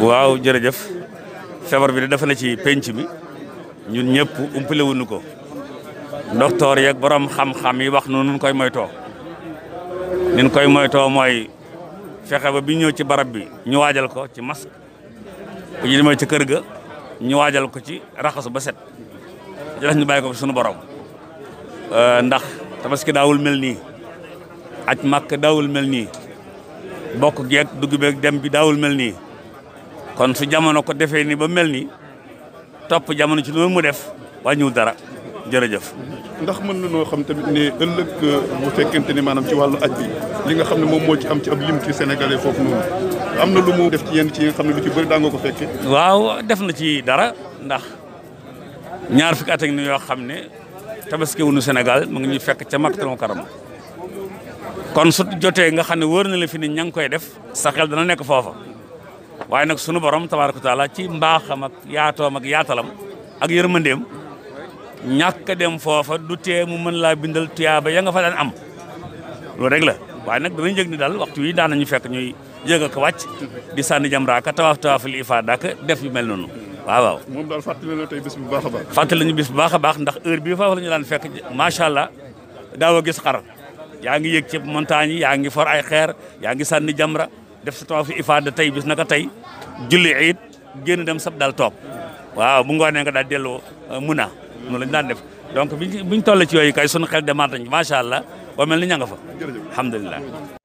waaw jërëjëf feebar bi de dafa na ci penc bi ñun ñëpp umpale wuñu ko docteur yeeg borom xam-xam yi wax nu nun koy moytoo nin koy moytoo mooy fexe ba bi ñëw ci barab bi ñu waajal ko ci masque bu ñu demee ci kër ga ñu waajal ko ci raxasu ba set jëlax ñu bàyyi ko suñu borom euh, ndax tabaski daawul mel nii aj màkk daawul mel nii bokk geeg dugg dem bi daawul mel nii kon su jamono ko defee ni ba mel ni topp jamono ci noonu mu def waa wàññiwul dara jërëjëf. ndax mën na noo xam tamit ne ëllëg euh, bu fekkente ni maanam ci wàllu aj i li nga xam ne moom moo ci am ci ab lim ci sénégalais foofu noonu am na lu mu def ci yenn ci yi nga xam ne lu ci bëri daa ko fekke waaw def na ci dara ndax ñaar fukki yoo xam ne tabaski wuñu Sénégal mu ngi ñuy fekk ca Makkatul Mukarrama kon su jotee nga xam ne wóor na la fi ña ngi koy def sa xel dana nekk foofa. waaye nag sunu borom tabaaraka taala ci mbaaxam ak yaatoom ak yaatalam ak yërmandeem ñàkk dem foofa du tee mu mën laa bindal tuyaaba ya nga fa daan am loolu rek la waaye nag danañ yëg ni daal waxtu wii daan ñu fekk ñuy yëg ak wàcc di sànni jamraaka tawaaf tawaaful ifaada ak def yu mel noonu waaw waaw. moom daal fàttali na tey bés bu baax a baax. fàttali nañu bés bu baax a baax ndax heure bii foofu la ñu daan fekk macha allah daaw a gis xar yaa ngi yëg ci montagne yi yaa ngi for ay xeer yaa ngi sànni jamra def sa tawaaf ifaada tey bis naka tey julli iid génn dem sab daal toog waaw bu ngoonee nga daal delloo euh, muna noonu lañu daan def donc biñ biñ toll ci yooyu kay sunu xel demaat nañ macha allah ba mel ni ña nga fa alhamdulilah